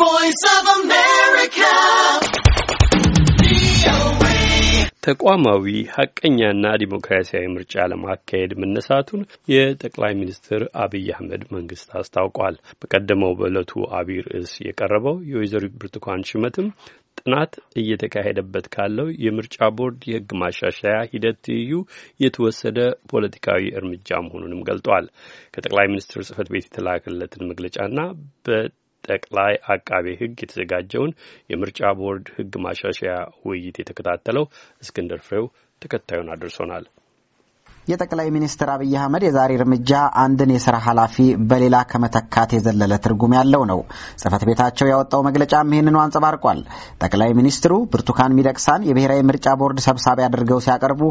voice of America. ተቋማዊ ሀቀኛና ዲሞክራሲያዊ ምርጫ ለማካሄድ መነሳቱን የጠቅላይ ሚኒስትር አብይ አህመድ መንግስት አስታውቋል። በቀደመው በዕለቱ አብይ ርዕስ የቀረበው የወይዘሮ ብርቱካን ሽመትም ጥናት እየተካሄደበት ካለው የምርጫ ቦርድ የሕግ ማሻሻያ ሂደት ትይዩ የተወሰደ ፖለቲካዊ እርምጃ መሆኑንም ገልጧል። ከጠቅላይ ሚኒስትር ጽህፈት ቤት የተላከለትን መግለጫና ጠቅላይ አቃቤ ሕግ የተዘጋጀውን የምርጫ ቦርድ ሕግ ማሻሻያ ውይይት የተከታተለው እስክንድር ፍሬው ተከታዩን አድርሶናል። የጠቅላይ ሚኒስትር አብይ አህመድ የዛሬ እርምጃ አንድን የስራ ኃላፊ በሌላ ከመተካት የዘለለ ትርጉም ያለው ነው። ጽህፈት ቤታቸው ያወጣው መግለጫም ይህንኑ አንጸባርቋል። ጠቅላይ ሚኒስትሩ ብርቱካን ሚደቅሳን የብሔራዊ ምርጫ ቦርድ ሰብሳቢ አድርገው ሲያቀርቡ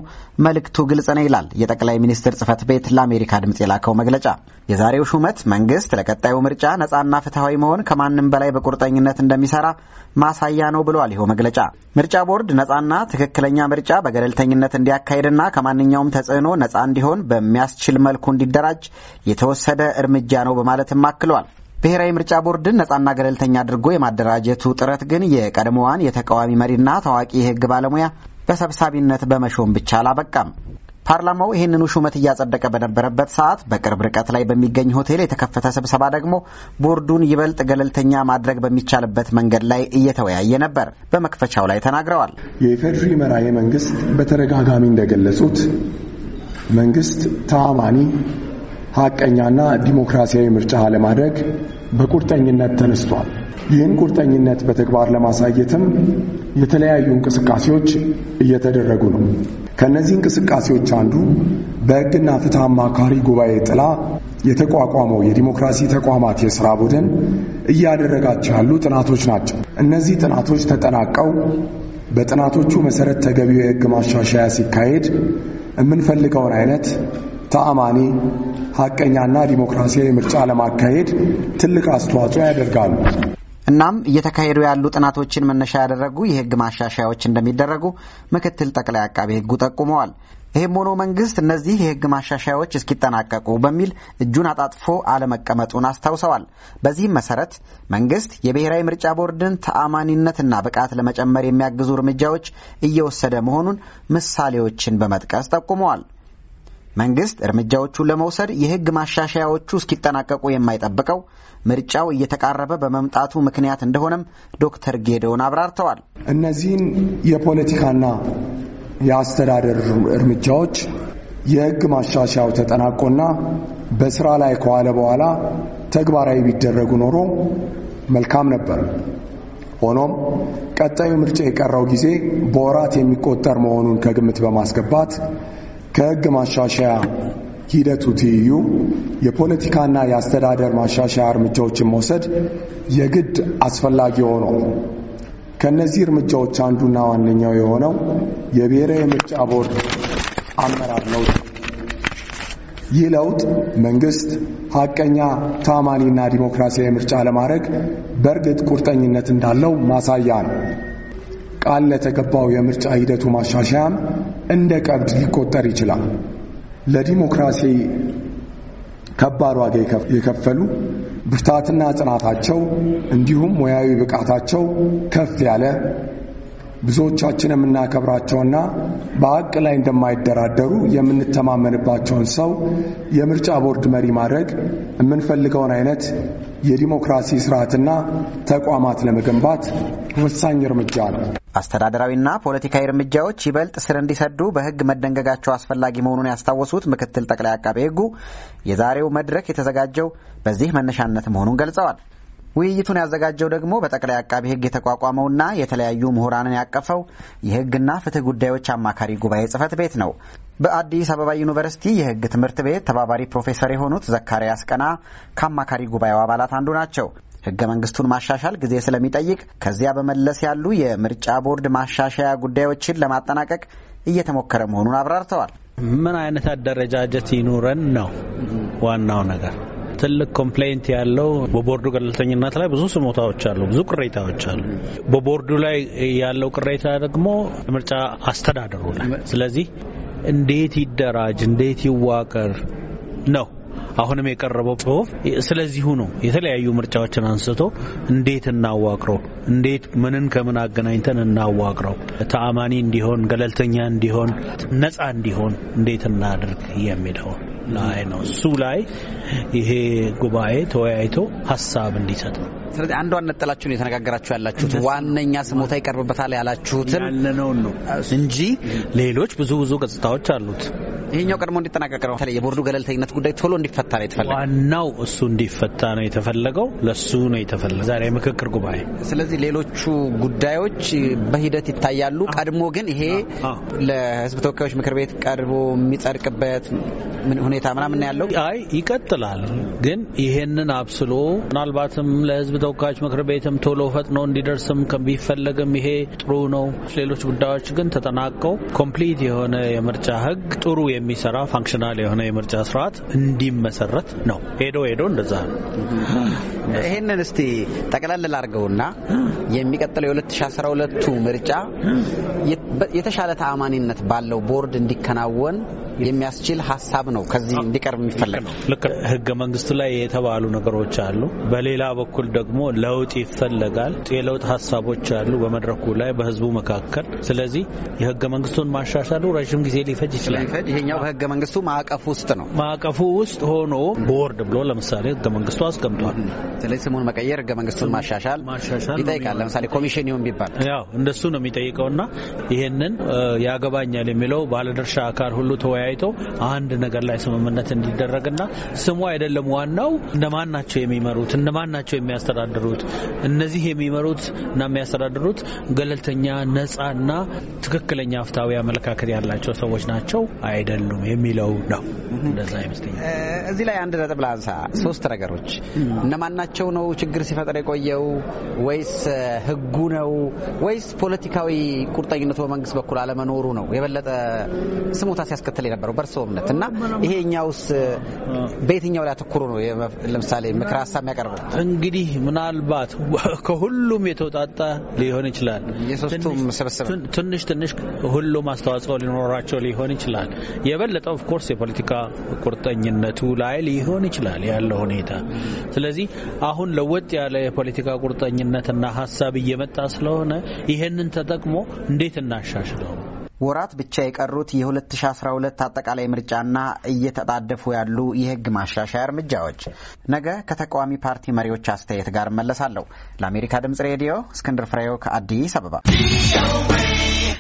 መልእክቱ ግልጽ ነው ይላል የጠቅላይ ሚኒስትር ጽህፈት ቤት ለአሜሪካ ድምፅ የላከው መግለጫ። የዛሬው ሹመት መንግስት ለቀጣዩ ምርጫ ነፃና ፍትሐዊ መሆን ከማንም በላይ በቁርጠኝነት እንደሚሰራ ማሳያ ነው ብሏል ይኸው መግለጫ። ምርጫ ቦርድ ነፃና ትክክለኛ ምርጫ በገለልተኝነት እንዲያካሄድና ከማንኛውም ተጽዕኖ ነፃ እንዲሆን በሚያስችል መልኩ እንዲደራጅ የተወሰደ እርምጃ ነው በማለትም አክለዋል። ብሔራዊ ምርጫ ቦርድን ነፃና ገለልተኛ አድርጎ የማደራጀቱ ጥረት ግን የቀድሞዋን የተቃዋሚ መሪና ታዋቂ የሕግ ባለሙያ በሰብሳቢነት በመሾም ብቻ አላበቃም። ፓርላማው ይህንኑ ሹመት እያጸደቀ በነበረበት ሰዓት በቅርብ ርቀት ላይ በሚገኝ ሆቴል የተከፈተ ስብሰባ ደግሞ ቦርዱን ይበልጥ ገለልተኛ ማድረግ በሚቻልበት መንገድ ላይ እየተወያየ ነበር። በመክፈቻው ላይ ተናግረዋል። የኢፌዴሪ መራሄ መንግስት በተደጋጋሚ እንደገለጹት መንግስት ተአማኒ ሀቀኛና ዲሞክራሲያዊ ምርጫ ለማድረግ በቁርጠኝነት ተነስቷል። ይህን ቁርጠኝነት በተግባር ለማሳየትም የተለያዩ እንቅስቃሴዎች እየተደረጉ ነው። ከእነዚህ እንቅስቃሴዎች አንዱ በሕግና ፍትህ አማካሪ ጉባኤ ጥላ የተቋቋመው የዲሞክራሲ ተቋማት የሥራ ቡድን እያደረጋቸው ያሉ ጥናቶች ናቸው። እነዚህ ጥናቶች ተጠናቀው በጥናቶቹ መሠረት ተገቢው የሕግ ማሻሻያ ሲካሄድ የምንፈልገውን አይነት ተአማኒ ሀቀኛና ዲሞክራሲያዊ ምርጫ ለማካሄድ ትልቅ አስተዋጽኦ ያደርጋሉ። እናም እየተካሄዱ ያሉ ጥናቶችን መነሻ ያደረጉ የሕግ ማሻሻያዎች እንደሚደረጉ ምክትል ጠቅላይ አቃቤ ሕጉ ጠቁመዋል። ይህም ሆኖ መንግስት እነዚህ የህግ ማሻሻያዎች እስኪጠናቀቁ በሚል እጁን አጣጥፎ አለመቀመጡን አስታውሰዋል። በዚህም መሰረት መንግስት የብሔራዊ ምርጫ ቦርድን ተአማኒነትና ብቃት ለመጨመር የሚያግዙ እርምጃዎች እየወሰደ መሆኑን ምሳሌዎችን በመጥቀስ ጠቁመዋል። መንግስት እርምጃዎቹን ለመውሰድ የህግ ማሻሻያዎቹ እስኪጠናቀቁ የማይጠብቀው ምርጫው እየተቃረበ በመምጣቱ ምክንያት እንደሆነም ዶክተር ጌዶን አብራርተዋል። እነዚህን የፖለቲካና የአስተዳደር እርምጃዎች የህግ ማሻሻያው ተጠናቆና በስራ ላይ ከዋለ በኋላ ተግባራዊ ቢደረጉ ኖሮ መልካም ነበር። ሆኖም ቀጣዩ ምርጫ የቀረው ጊዜ በወራት የሚቆጠር መሆኑን ከግምት በማስገባት ከህግ ማሻሻያ ሂደቱ ትይዩ የፖለቲካና የአስተዳደር ማሻሻያ እርምጃዎችን መውሰድ የግድ አስፈላጊ ሆኖ ከነዚህ እርምጃዎች አንዱና ዋነኛው የሆነው የብሔራዊ ምርጫ ቦርድ አመራር ለውጥ። ይህ ለውጥ መንግስት ሐቀኛ ታማኒና ዲሞክራሲያዊ ምርጫ ለማድረግ በእርግጥ ቁርጠኝነት እንዳለው ማሳያ ነው። ቃል ለተገባው የምርጫ ሂደቱ ማሻሻያም እንደ ቀብድ ሊቆጠር ይችላል። ለዲሞክራሲ ከባድ ዋጋ የከፈሉ ብርታትና ጽናታቸው እንዲሁም ሙያዊ ብቃታቸው ከፍ ያለ ብዙዎቻችን የምናከብራቸውና በሀቅ ላይ እንደማይደራደሩ የምንተማመንባቸውን ሰው የምርጫ ቦርድ መሪ ማድረግ የምንፈልገውን አይነት የዲሞክራሲ ስርዓትና ተቋማት ለመገንባት ወሳኝ እርምጃ ነው። አስተዳደራዊና ፖለቲካዊ እርምጃዎች ይበልጥ ስር እንዲሰዱ በሕግ መደንገጋቸው አስፈላጊ መሆኑን ያስታወሱት ምክትል ጠቅላይ አቃቤ ሕጉ የዛሬው መድረክ የተዘጋጀው በዚህ መነሻነት መሆኑን ገልጸዋል። ውይይቱን ያዘጋጀው ደግሞ በጠቅላይ አቃቤ ሕግ የተቋቋመውና የተለያዩ ምሁራንን ያቀፈው የሕግና ፍትህ ጉዳዮች አማካሪ ጉባኤ ጽህፈት ቤት ነው። በአዲስ አበባ ዩኒቨርሲቲ የሕግ ትምህርት ቤት ተባባሪ ፕሮፌሰር የሆኑት ዘካሪያስ ቀና ከአማካሪ ጉባኤው አባላት አንዱ ናቸው። ህገ መንግስቱን ማሻሻል ጊዜ ስለሚጠይቅ ከዚያ በመለስ ያሉ የምርጫ ቦርድ ማሻሻያ ጉዳዮችን ለማጠናቀቅ እየተሞከረ መሆኑን አብራርተዋል። ምን አይነት አደረጃጀት ይኑረን ነው ዋናው ነገር። ትልቅ ኮምፕሌንት ያለው በቦርዱ ገለልተኝነት ላይ ብዙ ስሞታዎች አሉ፣ ብዙ ቅሬታዎች አሉ። በቦርዱ ላይ ያለው ቅሬታ ደግሞ ምርጫ አስተዳደሩ ላይ። ስለዚህ እንዴት ይደራጅ፣ እንዴት ይዋቀር ነው አሁንም የቀረበው ጽሁፍ ስለዚሁ ነው። የተለያዩ ምርጫዎችን አንስቶ እንዴት እናዋቅረው፣ እንዴት ምንን ከምን አገናኝተን እናዋቅረው፣ ተአማኒ እንዲሆን፣ ገለልተኛ እንዲሆን፣ ነጻ እንዲሆን እንዴት እናድርግ የሚለው ላይ ነው። እሱ ላይ ይሄ ጉባኤ ተወያይቶ ሀሳብ እንዲሰጥ ነው። ስለዚህ አንዷን ነጠላችሁን የተነጋገራችሁ ያላችሁት ዋነኛ ስሞታ ይቀርብበታል ያላችሁትን ያለነውን ነው እንጂ ሌሎች ብዙ ብዙ ገጽታዎች አሉት። ይሄኛው ቀድሞ እንዲጠናቀቅ ነው። በተለይ የቦርዱ ገለልተኝነት ጉዳይ ቶሎ እንዲፈታ ነው የተፈለገው። ዋናው እሱ እንዲፈታ ነው የተፈለገው። ለሱ ነው የተፈለገው ዛሬ የምክክር ጉባኤ። ስለዚህ ሌሎቹ ጉዳዮች በሂደት ይታያሉ። ቀድሞ ግን ይሄ ለህዝብ ተወካዮች ምክር ቤት ቀድሞ የሚጸድቅበት ሁኔታ ምናምን ያለው አይ ይቀጥላል። ግን ይሄንን አብስሎ ምናልባትም ለህዝብ ተወካዮች ምክር ቤትም ቶሎ ፈጥኖ እንዲደርስም ቢፈለግም ይሄ ጥሩ ነው። ሌሎች ጉዳዮች ግን ተጠናቀው ኮምፕሊት የሆነ የምርጫ ህግ ጥሩ የሚሰራ ፋንክሽናል የሆነ የምርጫ ስርዓት እንዲመሰረት ነው። ሄዶ ሄዶ እንደዛ ነው። ይህንን እስቲ ጠቅለል ላድርገውና የሚቀጥለው የ2012ቱ ምርጫ የተሻለ ተአማኒነት ባለው ቦርድ እንዲከናወን የሚያስችል ሀሳብ ነው ከዚህ እንዲቀርብ የሚፈለግ። ልክ ህገ መንግስቱ ላይ የተባሉ ነገሮች አሉ። በሌላ በኩል ደግሞ ለውጥ ይፈለጋል። የለውጥ ሀሳቦች አሉ በመድረኩ ላይ በህዝቡ መካከል። ስለዚህ የህገ መንግስቱን ማሻሻሉ ረዥም ጊዜ ሊፈጅ ይችላል። ይሄኛው በህገ መንግስቱ ማዕቀፍ ውስጥ ነው። ማዕቀፉ ውስጥ ሆኖ ቦርድ ብሎ ለምሳሌ ህገ መንግስቱ አስቀምጧል። ስለዚህ ስሙን መቀየር ህገ መንግስቱን ማሻሻል ይጠይቃል። ለምሳሌ ኮሚሽን ይሁን ቢባል ያው እንደሱ ነው የሚጠይቀውና ይህንን ያገባኛል የሚለው ባለድርሻ አካል ሁሉ ተወያ። ተወያይቶ አንድ ነገር ላይ ስምምነት እንዲደረግና ስሙ አይደለም ዋናው እነማን ናቸው የሚመሩት፣ እነማን ናቸው የሚያስተዳድሩት። እነዚህ የሚመሩት እና የሚያስተዳድሩት ገለልተኛ ነጻና ትክክለኛ ፍትሐዊ አመለካከት ያላቸው ሰዎች ናቸው አይደሉም የሚለው ነው። እንደዛ ይመስለኛል። እዚህ ላይ አንድ ነጥብ ላንሳ። ሶስት ነገሮች እነማን ናቸው ነው ችግር ሲፈጠር የቆየው ወይስ ህጉ ነው ወይስ ፖለቲካዊ ቁርጠኝነቱ በመንግስት በኩል አለመኖሩ ነው የበለጠ ስሞታ ሲያስከትል የነበረው በእርስዎ እምነት እና ይሄኛውስ በየትኛው ላይ አተኩሮ ነው ለምሳሌ ምክር ሀሳብ የሚያቀርበው? እንግዲህ ምናልባት ከሁሉም የተውጣጣ ሊሆን ይችላል። የሶስቱም ስብስብ ትንሽ ትንሽ ሁሉም አስተዋጽኦ ሊኖራቸው ሊሆን ይችላል። የበለጠ ኦፍኮርስ የፖለቲካ ቁርጠኝነቱ ላይ ሊሆን ይችላል ያለው ሁኔታ። ስለዚህ አሁን ለወጥ ያለ የፖለቲካ ቁርጠኝነትና ሀሳብ እየመጣ ስለሆነ ይህንን ተጠቅሞ እንዴት እናሻሽለው ወራት ብቻ የቀሩት የ2012 አጠቃላይ ምርጫና እየተጣደፉ ያሉ የህግ ማሻሻያ እርምጃዎች ነገ ከተቃዋሚ ፓርቲ መሪዎች አስተያየት ጋር እመለሳለሁ። ለአሜሪካ ድምጽ ሬዲዮ እስክንድር ፍሬው ከአዲስ አበባ